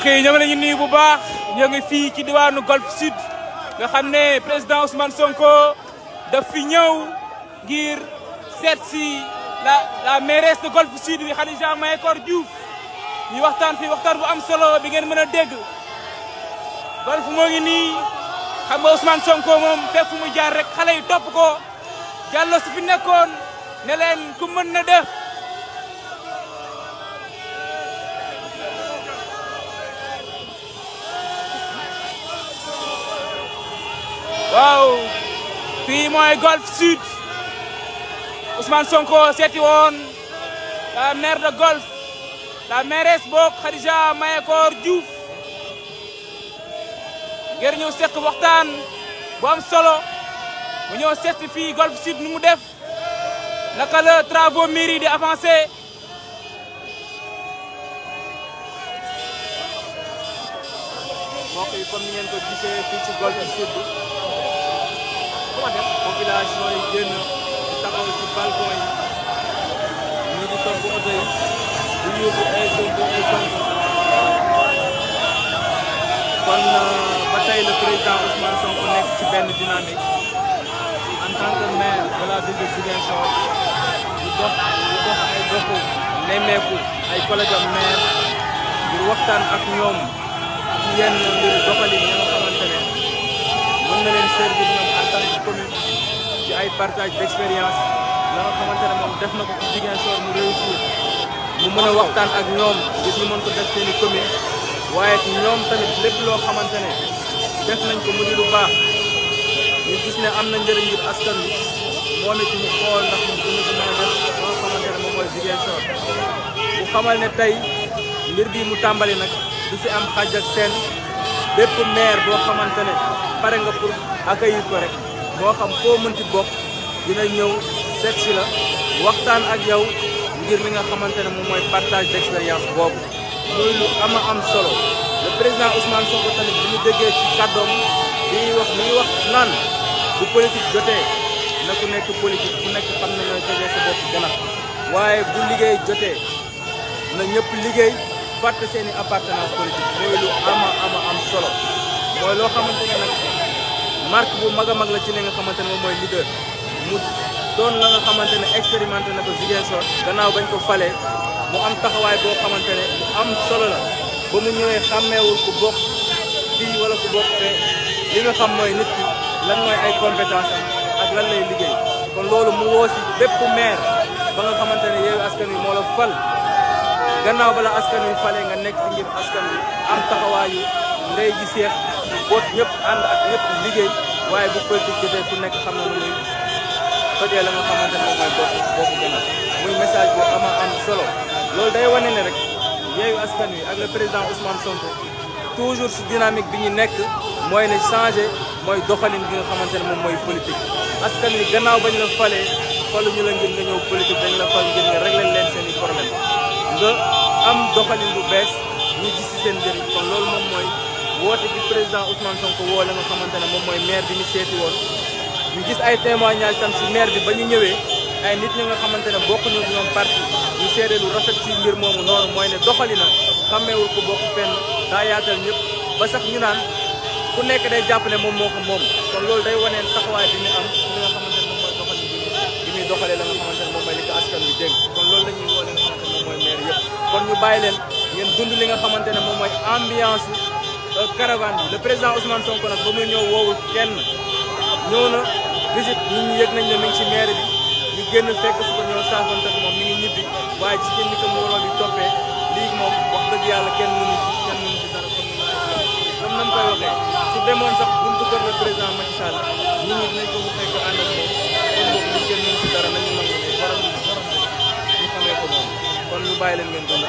mbokk yi ñoo ngi leen di nuyu bu baax ñoo fii ci diwaanu Golf Sud nga xam ne président Ousmane Sonko daf fi ñëw ngir seet si la la mairesse de Golf Sud bi Khadija Mahécor Diouf ñu waxtaan fi waxtaan bu am solo bi ngeen mën a dégg Golf moo ngi nii xam nga Ousmane Sonko moom fépp mu jaar rek xale yi topp ko Diallo su fi nekkoon ne leen ku mën na def. waaw fii mooy golf sud Ousmane Sonko seeti woon la maire de golf la mairesse boog Khadija Mahécor Diouf ngir ñëw seq waxtaan bu am solo mu ñëw seeti fii golf sud nu mu def naka la travaux mairie di avancer mbokk yi comme ni ngeen ko gisee fii golf sud comment def population yi ci yi ñu di topp oto yi euh, benn dynamique en tant que maire de la ville de Ziguinchor di dox di dox ay doxu ay collègues am maire waxtaan ak ñoom ci yenn mbir doxalin yi nga xamante ne mën na leen servir waxtaan ci commune mën a waxtaan ak ñoom ngir ñu mën i ñoom lépp loo xamante ne def nañ ko mu am na njëriñ askan wi moom ne xamal ne tey mbir bii mu tàmbali nag du si am xàjj ak seen bépp maire boo xamante ne. pare nga pour accueillir ko rek moo xam foo mënti bokk dina ñëw seet si la waxtaan ak yow ngir li nga xamante ne moom mooy partage d'expérience boobu loolu am ama am solo le président Ousmane Sonko tamit bi ñu déggee ci kàddoom bi ñuy wax bi wax naan bu politique jotee na ku nekk politique ku nekk xam ne na jógee sa bopp gën waaye bu liggéey jotee na ñëpp liggéey fàtte seen i appartenance politique mooy lu ama ama am solo mooy loo xamante ne nag marque bu mag la ci li nga xamante ne moom mooy leader mu doon la nga xamante ne expérimenté na ko Ziguinchor gannaaw bañ ko falee mu am taxawaay boo xamante ne bu am solo la ba mu ñëwee xàmmeewul ku bokk fii wala ku nga mooy nit lan mooy ay compétence lan lay liggéey kon loolu mu woo si bépp maire ba nga xamante ne yow askan wi moo la fal gannaaw la askan wi falee nga nekk ci ngir askan wi am taxawaayu ndey ji seet boot ñëpp ànd ak ñëpp liggéey waaye bu politique jotee ku nekk xam na muy tojee la nga xamante ne moom mooy bopp boppu gannaaw muy message bu ama am solo loolu day wane ne rek yeeyu askan wi ak le président Ousmane Sonko toujours si dynamique bi ñu nekk mooy ne changé mooy doxalin bi nga xamante ne moom mooy politique askan wi gannaaw bañ la falee falu ñu la ngir nga ñëw politique dañ la fal ngir nga réglé leen seen i am doxalin bu bees ñu gis si seen njëriñ kon loolu moom mooy woote bi président Ousmane Sonko woo la nga xamante ne moom mooy maire bi ñu seeti woon ñu gis ay témoignages tam si maire bi ba ñu ñëwee ay nit ñi nga xamante ne bokkuñu ñoom parti ñu seede lu rafet noonu mooy ne doxali na xammeewul ko bokk ñëpp ba sax ñu naan ku nekk day jàpp ne moom moo ko loolu day waneen taxawaay bi nga xamante ne moom mooy doxali bi la nga xamante ne moom kon loolu la ñuy woo li ñu bàyyi leen ngeen dund li nga xamante ne moom mooy ambiance caravane bi le président Ousmane Sonko nag ba muy ñëw woowul kenn ñëw na visite ñi ñu yëg nañ ne mi ngi ci maire bi ñu génn fekk su ko ñëw saafante moom mi ngi ñibbi ko moom wax dëgg yàlla kenn mënu ci kenn mënu ci dara comme nam koy waxee su demoon sax buntu kër le président Macky Sall nit ñi dinañ ko bu fekk kon boobu ñu ñu ko moom kon leen ngeen dund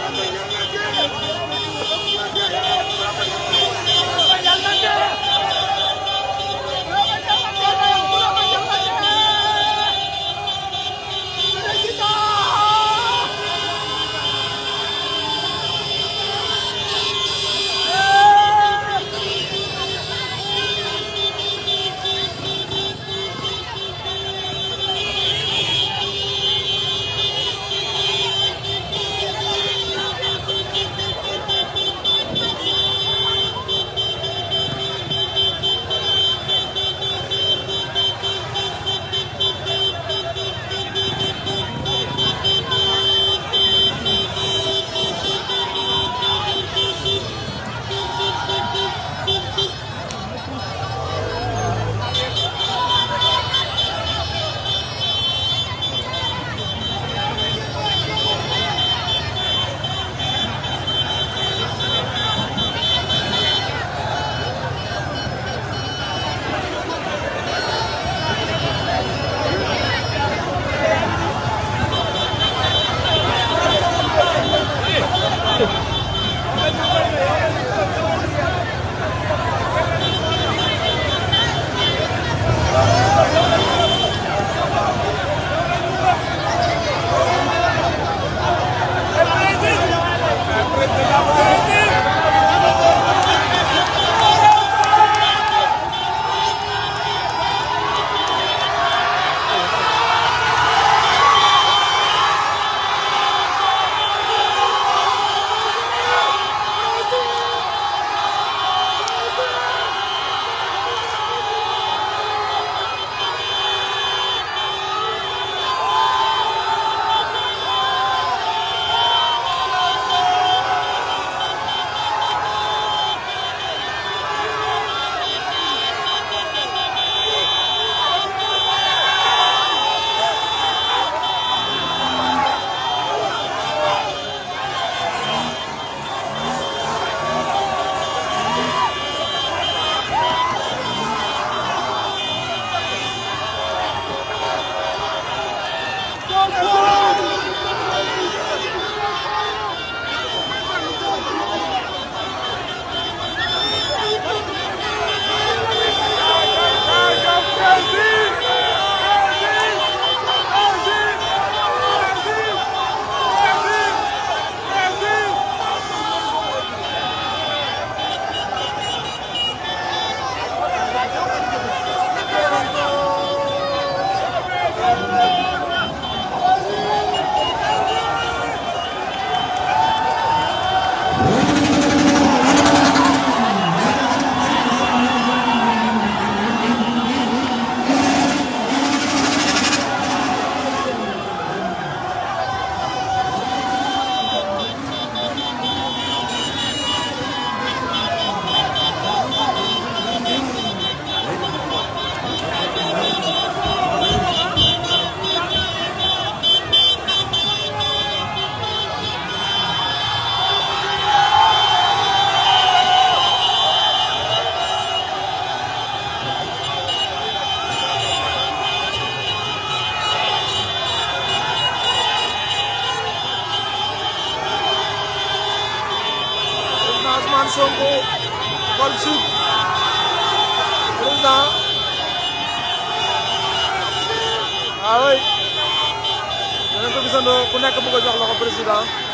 ci la ñu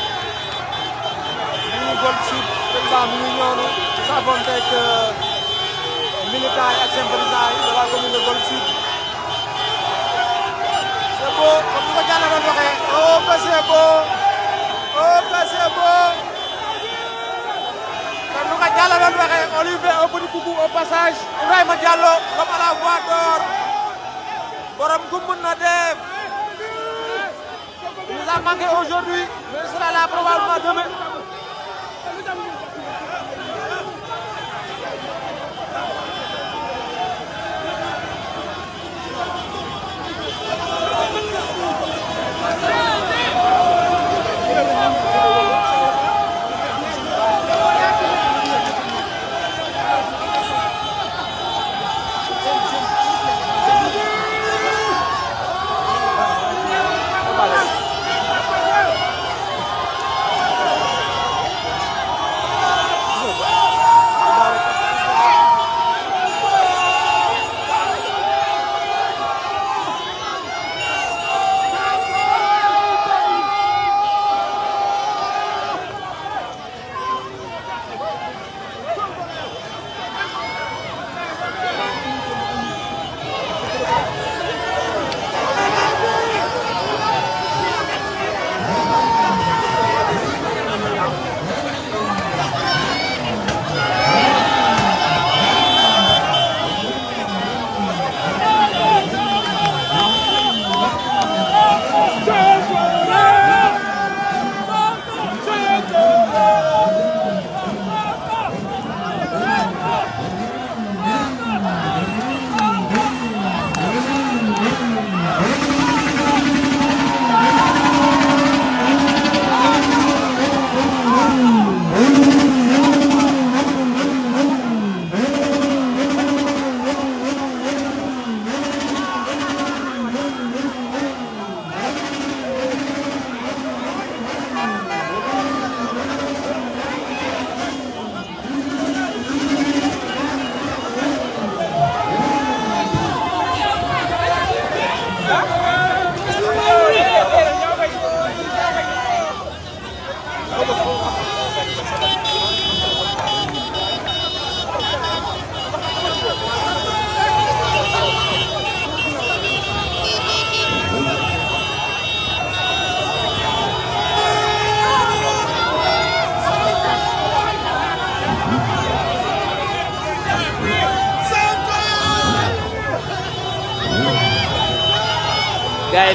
ngi gol ci président mi ngi ñëw ci sa bonteeg militants yi ak sympathisants yi de la commune de Golf Sud. c'est beau comme ni ko Diallo doon waxee oh que c'est beau oh que c'est beau comme ni ko Diallo doon waxee on lui fait un petit coucou au passage Ibrahima Diallo comme à la voix d'or borom gu mun na def. nous a manqué aujourd'hui, mais il sera là probablement demain.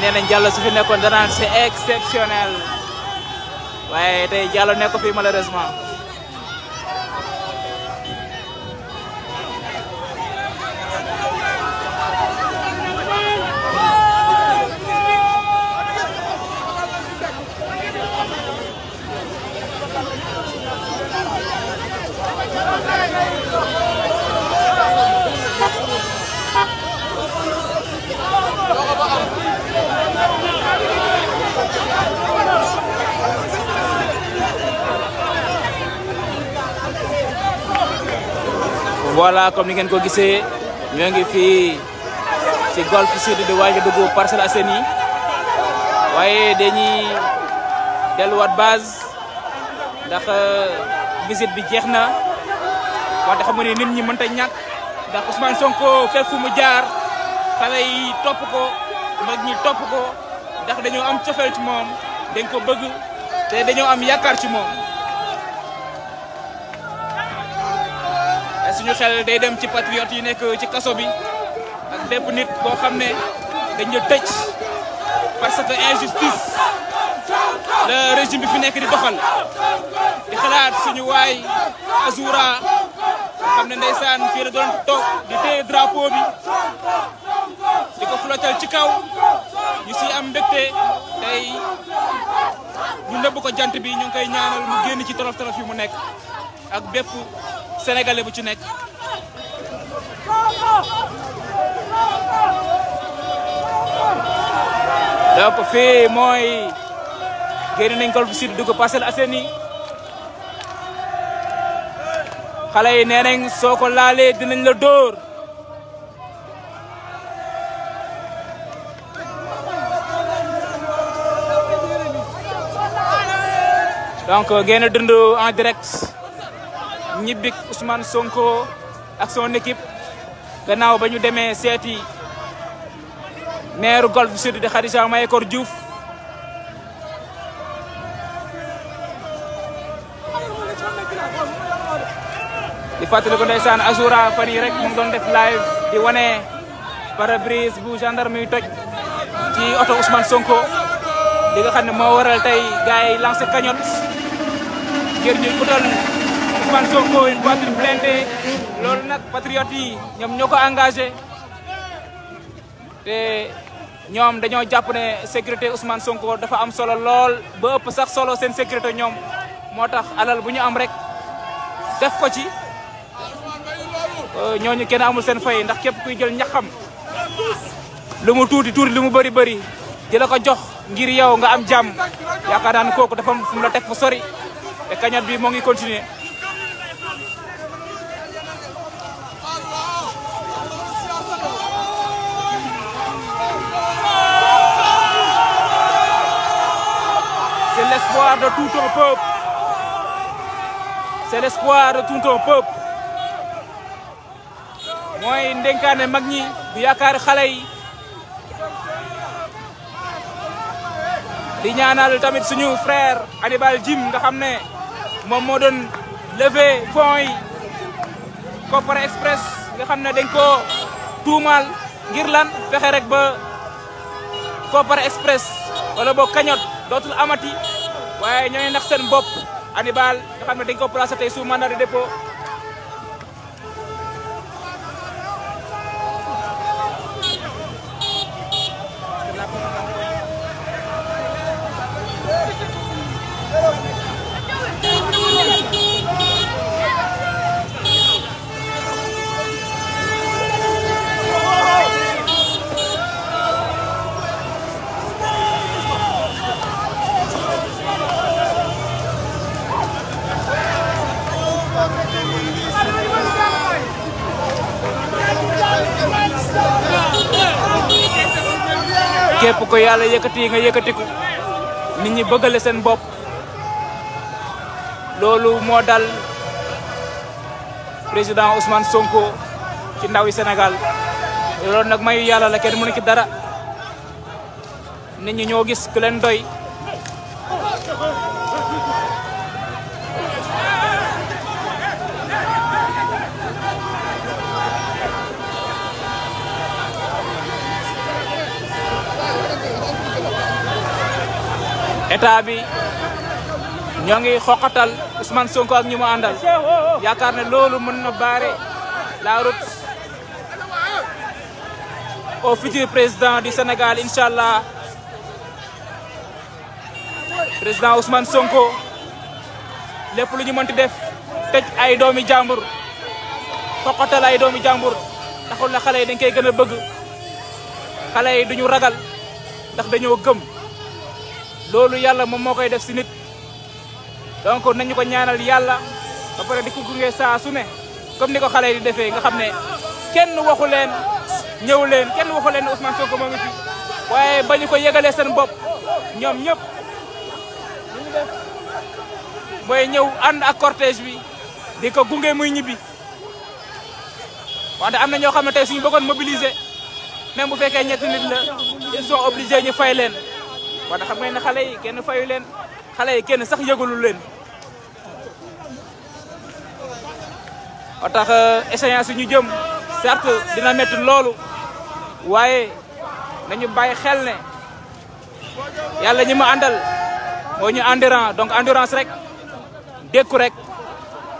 nee nañ Diallo su fi nekkoon danaan c'est exceptionnel waaye tey Diallo nekk ko fii malheureusement. voilà comme ni ngeen ko gisee ñoo ngi fi ci golf sud di waaj a dugg Parcelles Assainies waaye dañuy delluwaat base ndax euh, visite bi jeex na wante xam nga nit ñi mënta ñàkk ndax Ousmane Sonko fépp mu jaar xale yi topp ko mag ñi topp ko. dax dañoo am cofeel ci moom dañ ko bëgg te dañoo am yaakaar ci moom suñu xel day dem ci patriote yi nekk ci kaso bi ak bépp nit boo xam ne dañ tëj parce que injustice le régime bi fi nekk di doxal di xalaat suñu waay Azoura xam ne ndeysaan fii la doon toog di téye drapeau bi di ko ci kaw ñu si am mbégte tey ñu nëbb ko jant bi ñu ngi koy ñaanal mu génn ci tolof tolof yi mu nekk ak bépp sénégalais bu ci nekk. donc fii mooy génn nañ Golf Sud dugg Parcelles Assainies xale yi nee soo ko laalee dinañ la dóor. donc ngeen a dund en direct ñibbik Ousmane Sonko ak son équipe gannaaw ba ñu demee seeti maire Golf Sud di Khadija Mahécor Diouf di fàttali ko ndeysaan Azoura fan yi rek mu ngi doon def live di wane pare-brise bu gendarme yi toj ci oto Ousmane Sonko li nga xam ne moo waral tey gars yi lancé ngir ñu utal Ousmane Sonko une voiture blindée nag patriotes yi ñoom ñoo ko engagé te ñoom dañoo jàpp ne sécurité Ousmane Sonko dafa am solo lool ba ëpp sax solo seen sécurité ñoom moo tax alal bu ñu am rek def ko ci euh, ñooñu kenn amul seen fay ndax képp kuy jël ñaxam lu tuuti tuuti lu mu bëri bëri di la ko jox ngir yow nga am jàmm yaakaar naa ne kooku dafa fu mu la teg fu sori te kañat bi moo ngi continuer c'est l'espoir de tout un peuple c'est l'espoir de tout mooy ndenkaane mag ñi du yaakaar xale yi di ñaanal tamit suñu frère Hannibal Djim nga ne moom moo doon lever fonds yi Kopar Express nga xam ne dañ koo tuumaal ngir lan fexe rek ba pare Express wala boo cagnotte dootul amati waaye ñoo ngi nax seen bopp Hannibal nga xam ne dañ ko placé tey sous mandat de dépôt. képp ko yàlla yëkkati nga yëkkatiku nit ñi bëggale seen bopp loolu moo dal président Ousmane Sonko ci ndaw yi Sénégal loolu nag may yàlla la kenn mënu ci dara nit ñi ñoo gis ku doy état bi ñoo ngi xoqatal Ousmane Sonko ak ñu mu àndal yaakaar ne loolu mën na baare la route au futur président du Sénégal incha allah président Ousmane Sonko lépp lu ñu mënti def tëj ay doomi jàmbur xoqatal ay doomi jàmbur taxul na xale yi dañ koy gën a bëgg xale yi duñu ragal ndax dañoo gëm. loolu yàlla moom moo koy def si nit donc nañu ko ñaanal yàlla ba pare di ko gunge saa su ne comme ni ko xale di defee nga xam ne kenn waxu leen ñëw leen kenn waxu leen Ousmane Sonko moo ngi fi waaye ba ñu ko yëgalee seen bopp ñoom ñëpp mooy ñëw ànd ak cortège bi di ko gunge muy ñibbi wante am na ñoo xam ne tey suñu bëggoon mobiliser même bu fekkee ñetti nit la ils sont obligés fay leen. wante xam ngeen ne xale yi kenn fayu leen xale yi kenn sax yëgalul leen. moo tax euh, yi ñu jëm certes dina métti loolu waaye nañu bàyyi xel ne yàlla ñu ma àndal moo ñu endurance donc endurance rek dékku rek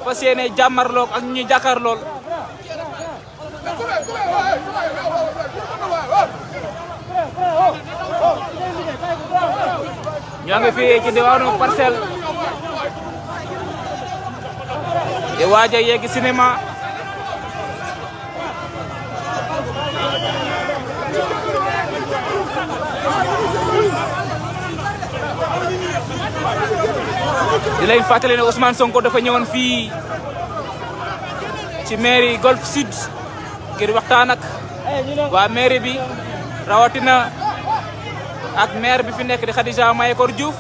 fas yéene jàmmarloog ak ñu ñuy jàkkaar lool ñoo ngi fii ci diwaanu parcelle di waaj a yegg cinéma di leen fàttali ne Ousmane Sonko dafa ñëwoon fii ci mairie Golf Sud ngir waxtaan ak waa mairie bi rawatina. ak maire bi fi nekk di Khadija Mahécor Diouf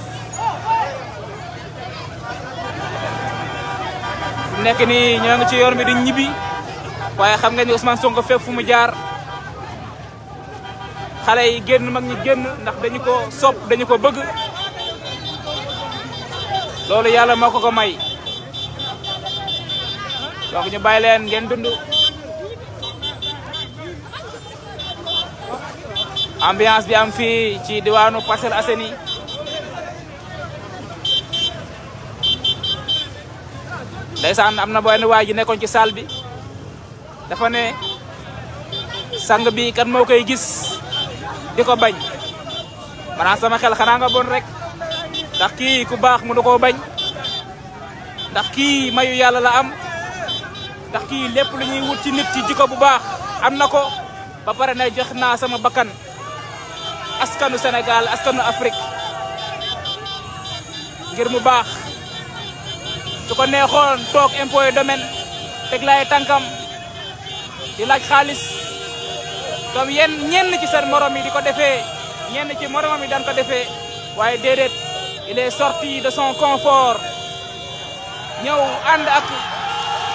nekk ni ñoo ngi ci yoon bi di ñibbi waaye xam nga ni Ousmane Sonko fépp fu mu jaar xale yi génn mag ñi génn ndax dañu ko sopp dañu ko bëgg loolu yàlla moo ko ko may donc ñu bàyyi leen ngeen dund ambiance bi am fii ci diwaanu Parcelles Assainies ndeysaan am na benn waay ji nekkoon ci salle bi dafa ne sang bi kan moo koy gis di ko bañ maanaam sama xel xanaa nga bon rek ndax kii ku baax mënu koo bañ ndax kii mayu yàlla la am ndax kii lépp lu ñuy wut ci nit ci jikko bu baax am na ko ba pare ne jox naa sama bakkan askanu Sénégal askanu Afrique ngir mu baax su ko neexoon toog impôt et domaine teg laay di laaj xaalis comme yenn ci seen morom yi di ko defee ñenn ci moromam yi daan ko defee waaye déedéet il est sorti de son confort ñëw ànd ak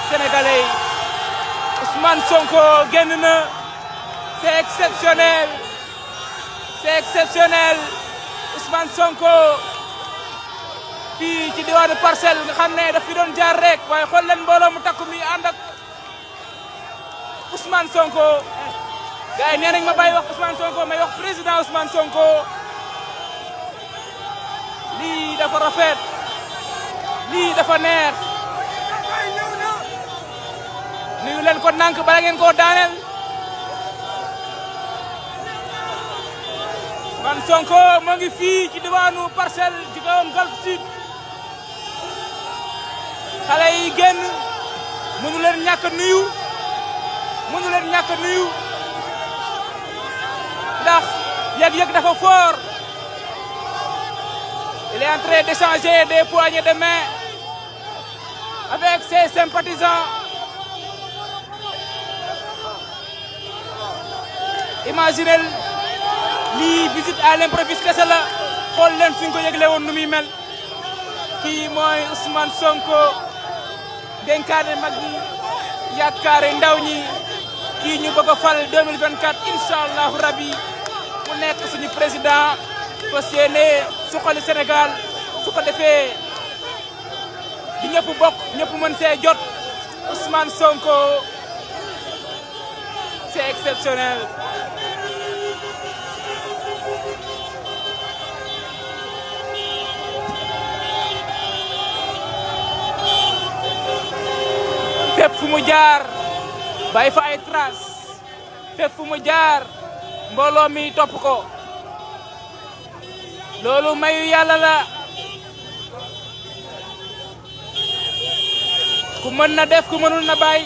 sénégalais yi Ousmane Sonko génn na c'est exceptionnel. c'est exceptionnel Ousmane Sonko fii ci diwaanu parcelle nga xam da daf fi doon jaar rek waaye xool leen mbooloo mu takku mi ànd ak Ousmane Sonko gars yi ma bàyyi wax Ousmane Sonko may wax président Ousmane Sonko lii dafa rafet lii dafa neex nuyu leen ko nànk bala ngeen koo daaneel. man Sonko ma ngi fii ci diwaanu parcelle ci kawam Golf Sud xale yi génn mënu leen nuyu mënu leen nuyu ndax yëg-yëg dafa fort il est en train d'échanger des poignées de main avec ses sympathisants imaginez lii visite à l'improviste kese la xool leen fi ñu yëgle woon nu muy mel kii mooy Ousmane Sonko dénkaane mag ñi yaakaare ndaw ñi kii ñu bëgg a fal 2024 incha allahu rabi mu si suñu président fas yéene suqali Sénégal su ko defee di ñëpp bokk ñëpp mën see jot Ousmane Sonko c'est exceptionnel. mu jaar bàyyi fa ay trace fépp fu mu jaar mbooloo mi topp ko loolu mayu yàlla la ku mën na def ku mënul na bàyyi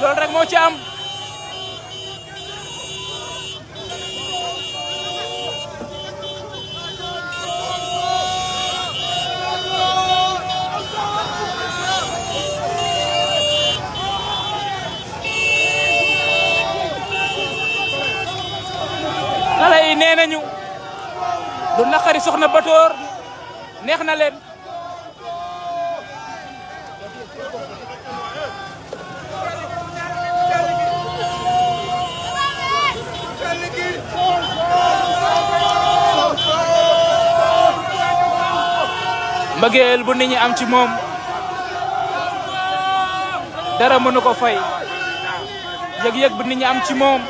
loolu rek moo ci am waxi soxna Batoor neex na leen mbëggeel bu nit am ci moom dara mënu ko fay yëg-yëg bu nit am ci moom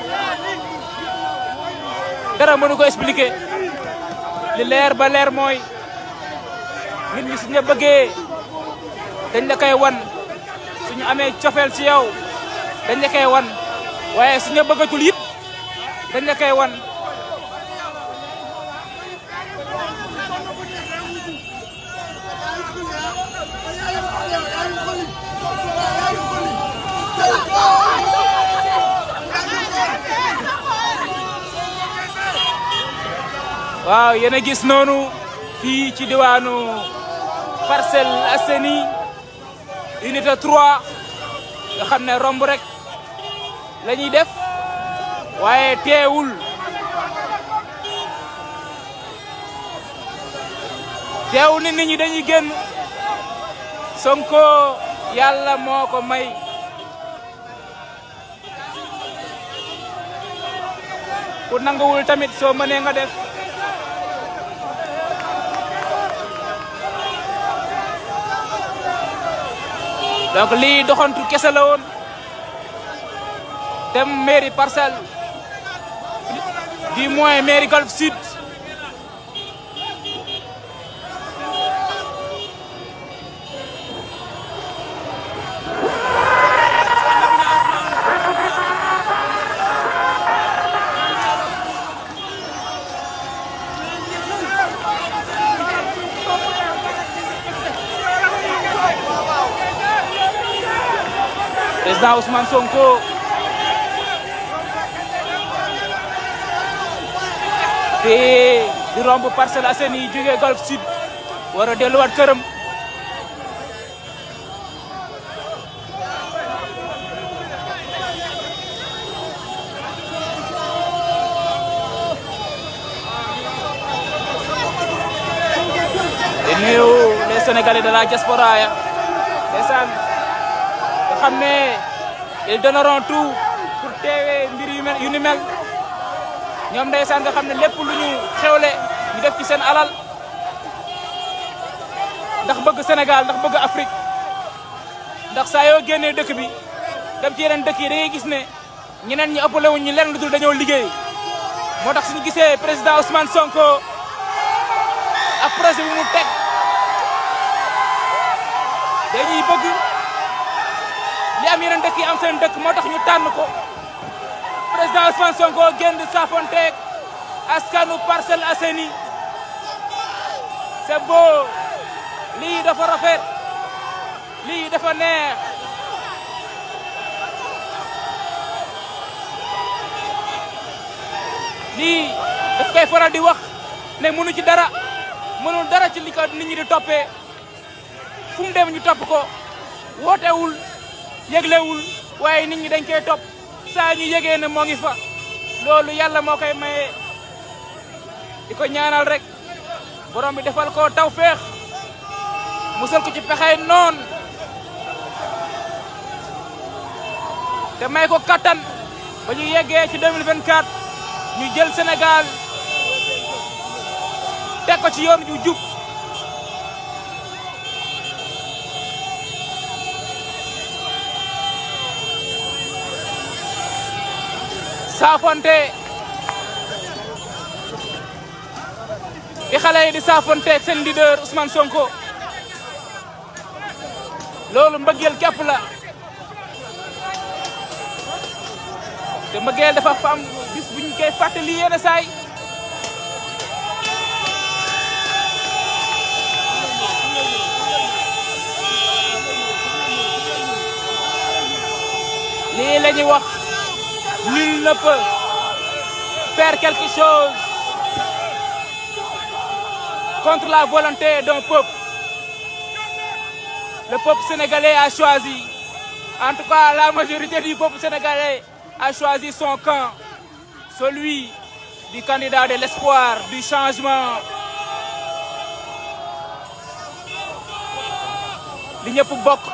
dara mënu ko expliquer li leer ba leer mooy nit ñi suñu la bëggee dañ la koy wan suñu amee cofeel ci yow dañ la koy wan waaye suñu bëggatul it dañ la wan waaw yéen a gis noonu fii ci diwaanu Parcelles Assainies unité 3 nga xam ne romb rek la def waaye teewul teewul ni nit ñi dañuy génn Sonko yàlla moo ko may ku nangawul tamit soo mënee nga def donc lii doxantu kese la woon dem mairie parcelle du moins mairie Golf Sud président Ousmane Sonko fii di romb Parcelles Assainies yi jógee Golf Sud war a delluwaat këram di nuyu les Sénégalais de ya ndeysaan nga xam ne ils donneront tout pour teewee mbir yu mel yu ni mel ñoom ndeysaan nga xam ne lépp lu ñu xewle ñu def ci seen alal ndax bëgg senegal ndax bëgg Afrique ndax saa yoo génnee dëkk bi dem ci yeneen dëkk yi da gis ne ñeneen ñi ëppale wuñ ñu lenn lu liggéey moo tax suñu gisee président Ousmane Sonko ak projet bi mu teg dañuy bëgg. am yeneen dëkk yi am seen dëkk moo tax ñu tànn ko président Ousmane Sonko génn safonteeg askanu Parcelles Assainies c'est beau lii dafa rafet lii dafa neex lii daf koy faral di wax ne mënu ci dara mënul dara ci li ko nit ñi di toppee fu dem ñu topp ko wootewul yëglewul waaye nit ñi dañ koy topp saa ñu yëgee ne moo ngi fa loolu yàlla moo koy maye di ko ñaanal rek borom bi defal ko taw féex musal ko ci pexey noon te may ko kattan ba ñu yeggee ci 2024 ñu jël Sénégal teg ko ci yoon ju jub saafonte bi xale yi di saafonte ak seen Sonko loolu mbëggeel képp la te mbëggeel dafa fa am bis bu ñu koy fàttali yenn saay lii la wax. Nul ne peut faire quelque chose contre la volonté d'un peuple. Le peuple sénégalais a choisi, en tout cas la majorité du peuple sénégalais a choisi son camp, celui du candidat de l'espoir, du changement. li ñëpp bokk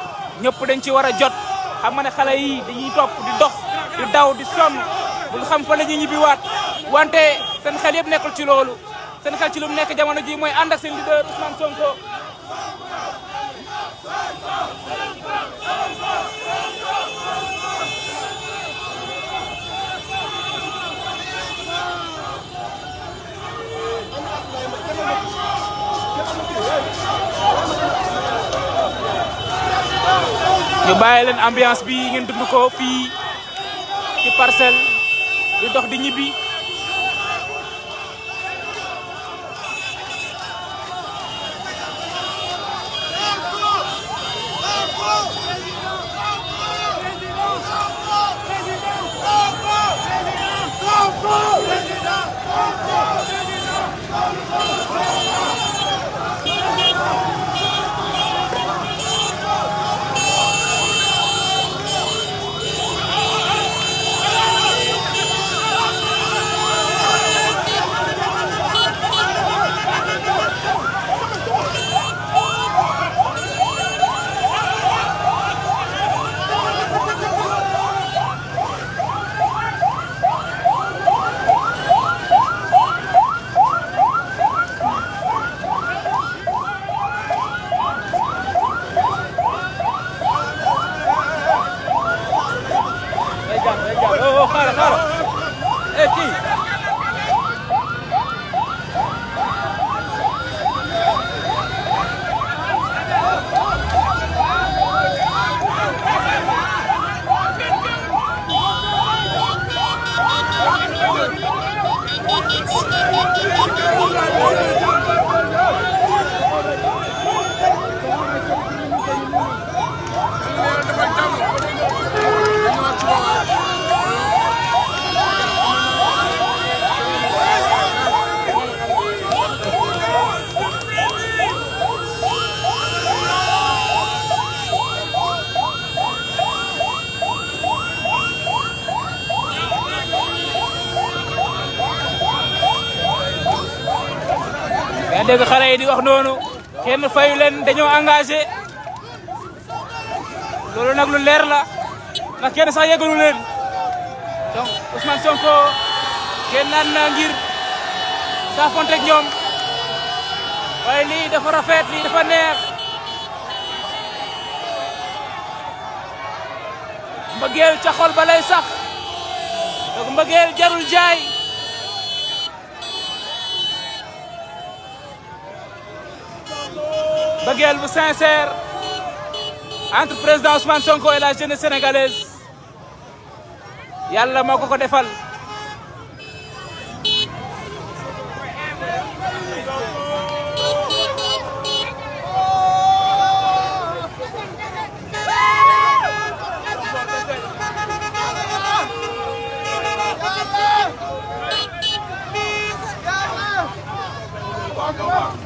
ñëpp dañ ci war a jot xam nga ne xale yi dañuy topp di dox. di daw di sonn bul xam fa la ñuy ñibbiwaat wante seen xel yëpp nekkul ci loolu seen xel ci lu mu nekk jamono ji mooy ànd ak seen leader Ousmane Sonko ñu leen ambiance bi ngeen dund ko fii ci parcelle di dox di ñibbi dégg xale yi di wax noonu kenn fayu leen dañoo engagé loolu nag lu leer la ndax kenn sax yëgalu leen donc Ousmane Sonko génnaat na ngir saafonteeg ñoom waaye lii dafa rafet li dafa neex mbëggeel ca xol sax donc mbëggeel jarul jaay. mbëggeel bu sincère entre président Ousmane Sonko et la jeunesse sénégalaise yàlla moo ko ko defal. Come on.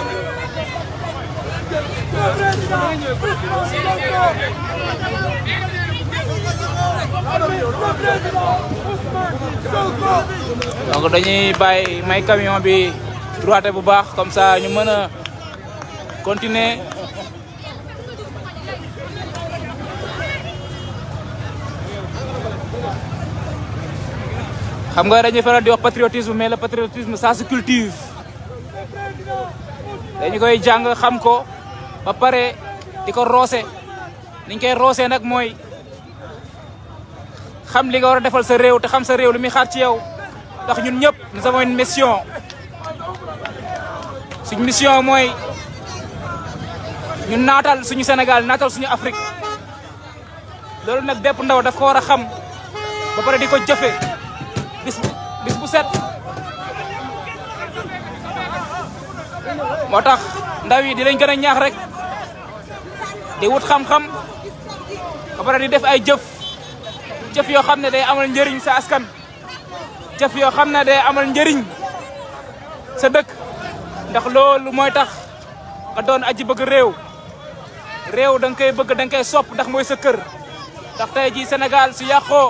donc dañuy bàyyi may camion bi droite bu baax comme ça ñu mën a continuer xam nga dañuy faral di wax patriotisme mais le patriotisme ça se cultive dañu koy jàng xam ko ba pare di ko roose niñ koy roosee nag mooy xam li nga war a defal sa réew te xam sa réew li muy xaar ci yow ndax ñun ñëpp nous avons une mission suñ mission mooy ñu naatal suñu Sénégal naatal suñu Afrique loolu nag bépp ndaw daf ko war a xam ba pare di ko jëfe bis bu set moo tax ndaw yi di lañ gën a ñaax rek di wut xam-xam ba di def ay jëf jëf yoo xam ne day amal njëriñ sa askan jëf yoo xam ne day amal njëriñ sa dëkk ndax loolu mooy tax nga doon aji bëgg réew réew da nga koy bëgg da nga koy sopp ndax mooy sa kër ndax tey jii senegal su yàqoo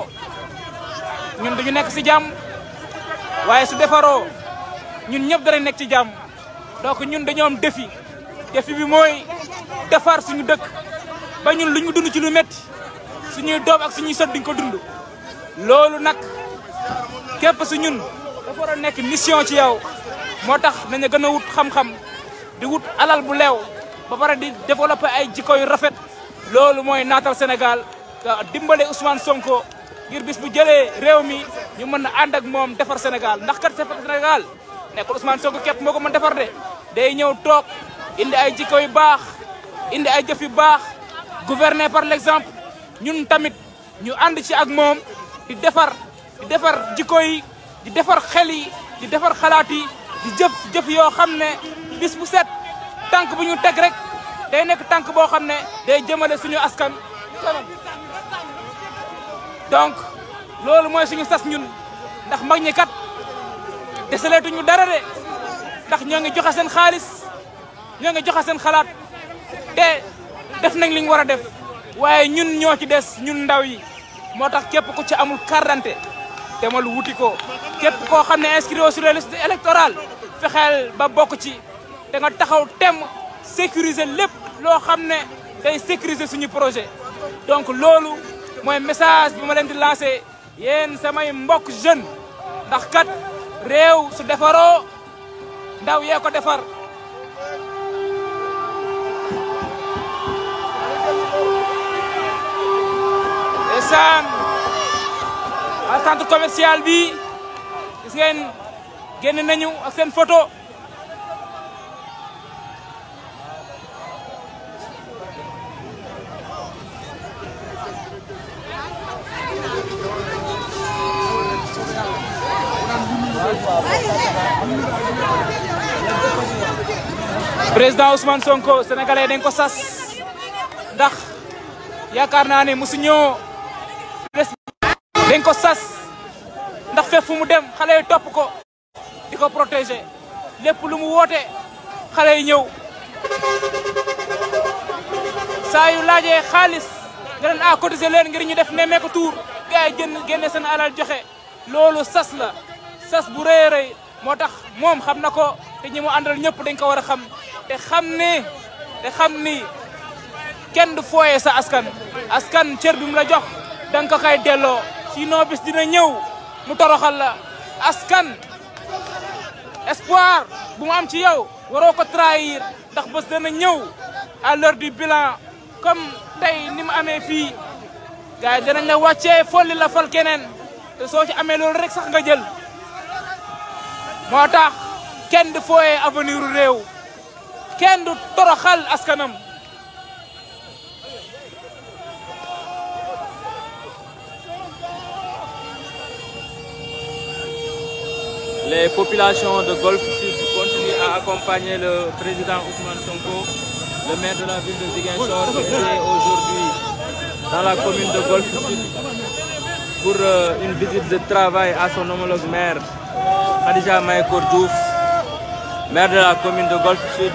ñun duñu nekk si jàmm waaye su defaroo ñun ñëpp danañ nekk ci jàmm donc ñun dañoo am défi defi bi mooy defar suñu dëkk ba ñun lu ñu dund ci lu metti suñuy doom ak suñuy sët duñ ko dund loolu nag képp su ñun dafa a nekk mission ci yow moo tax nañu gën na wut xam-xam di wut alal bu leew ba pare di développer ay jikko yu rafet loolu mooy naatal Sénégal dimbale Ousmane Sonko ngir bis bu jëlee réew mi ñu mën a ànd ak moom defar Sénégal ndax kat defar Sénégal nekkul Ousmane Sonko képp moo ko ma defar de day ñëw toog indi ay jikko yu baax indi ay jëf yu baax gouverner par l'exemple ñun tamit ñu ànd ci ak moom di defar di defar jikko yi di defar xel yi di defar xalaat yi di jëf jëf yoo xam ne bis bu set tànk bu ñu teg rek day nekk tànk boo xam ne day jëmale suñu askan kanam donc loolu mooy suñu sas ñun ndax mag ñi kat desaleetuñu dara de ndax ñoo ngi joxe seen xaalis ñoo ngi joxe seen xalaat te def nañ li war a def waaye ñun ñoo ci des ñun ndaw yi moo tax képp ku ci amul carte d'identité demal wuti ko képp koo xam ne inscrit sur les listes électorales fexeel ba bokk ci da nga taxaw tem sécuriser lépp loo xam ne day sécuriser suñu projet donc loolu mooy message bi ma leen di lancé yéen samay mbokk jeune ndax kat réew su defaroo ndaw yee ko defar ndeysaan ak centre commercial bi gis ngeen génn nañu seen photo président Ousmane Sonko sénégalais dañ ko sas ndax yaakaar naa ne mosu ñoo dañ ko sas ndax fekk fu mu dem xale yi topp ko di ko protéger lépp lu mu woote xale yi ñëw saa yu laajee xaalis nga leen a cotiser leen ngir ñu def nemmeeku tuur gars yi génn génne seen alal joxe loolu sas la sas bu rëy rëy moo tax moom xam na ko te ñi mu àndal ñëpp dañ ko war a xam te xam ni te xam ni kenn du fooyee sa askan askan cër bi la jox danga ko kay delloo sinon bis dina ñëw mu toroxal la askan espoir bu mu am ci yow waroo ko trahir ndax bës dana ñëw à l'heure du bilan comme tey ni mu amee fii gars yi danañ la wàccee folli la fal keneen te soo ci amee loolu rek sax nga jël moo tax kenn du fooyee avenir u kenn du toroxal askanam Les populations de Golfe Sud continuent à accompagner le président Ousmane Sonko. Le maire de la ville de Ziguinchor était aujourd'hui dans la commune de Golfe Sud pour euh, une visite de travail à son homologue maire, Khadija Maï maire de la commune de Golfe Sud.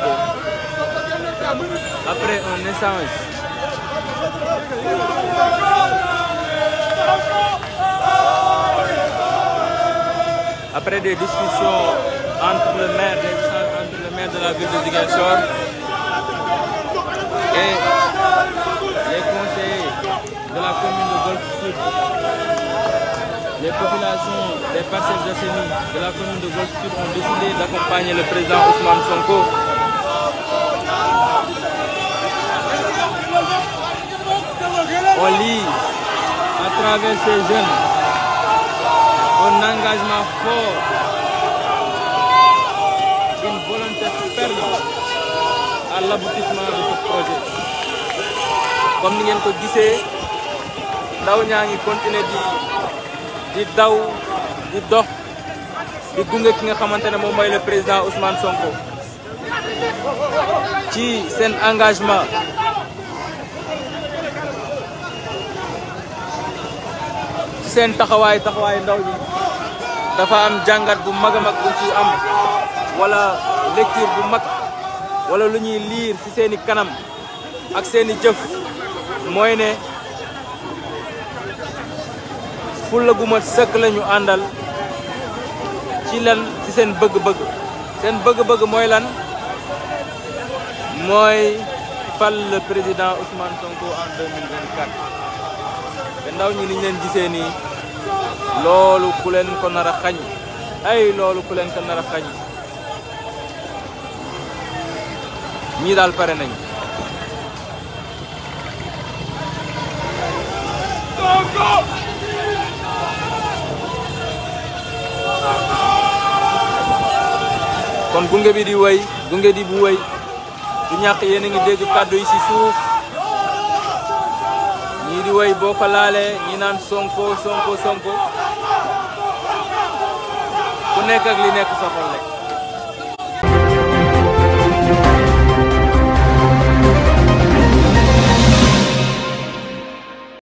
Après un échange après des discussions entre le maire, entre de la ville de Ziguinchor et de la commune de Golf Sud, les populations des parcelles assainies de la commune de Golf Sud ont décidé d'accompagner le président Ousmane Sonko on lit à travers ces jeunes un engagement fort, une volonté ferme à l'aboutissement de ce projet. Comme nous l'avons dit, ndaw ñaa ngi continuer di di daw di dox di gunge ki nga xamante ne moom mooy le président Ousmane Sonko ci seen engagement ci seen taxawaay taxawaay ndaw ñi dafa am jàngat bu mag a mag ci am wala lecture bu mag wala lu ñuy liir ci seeni kanam ak seeni jëf mooy ne fulla gu sëkk lañu àndal ci lan ci seen bëgg-bëgg seen bëgg-bëgg mooy lan mooy fal le président Ousmane Sonko en 2024 te ndaw ñi niñ leen gisee nii loolu ku leen ko nar a xañ ay loolu ku leen ko nar a xañ ñii daal pare nañ kon gunge bi di wéy gunge di bu wéy du ñàkk yéen a ngi de kàddu yi si suuf di woy boo ko laalee ñi naan sonko sonko sonko ku nekk ak li nekk soko xol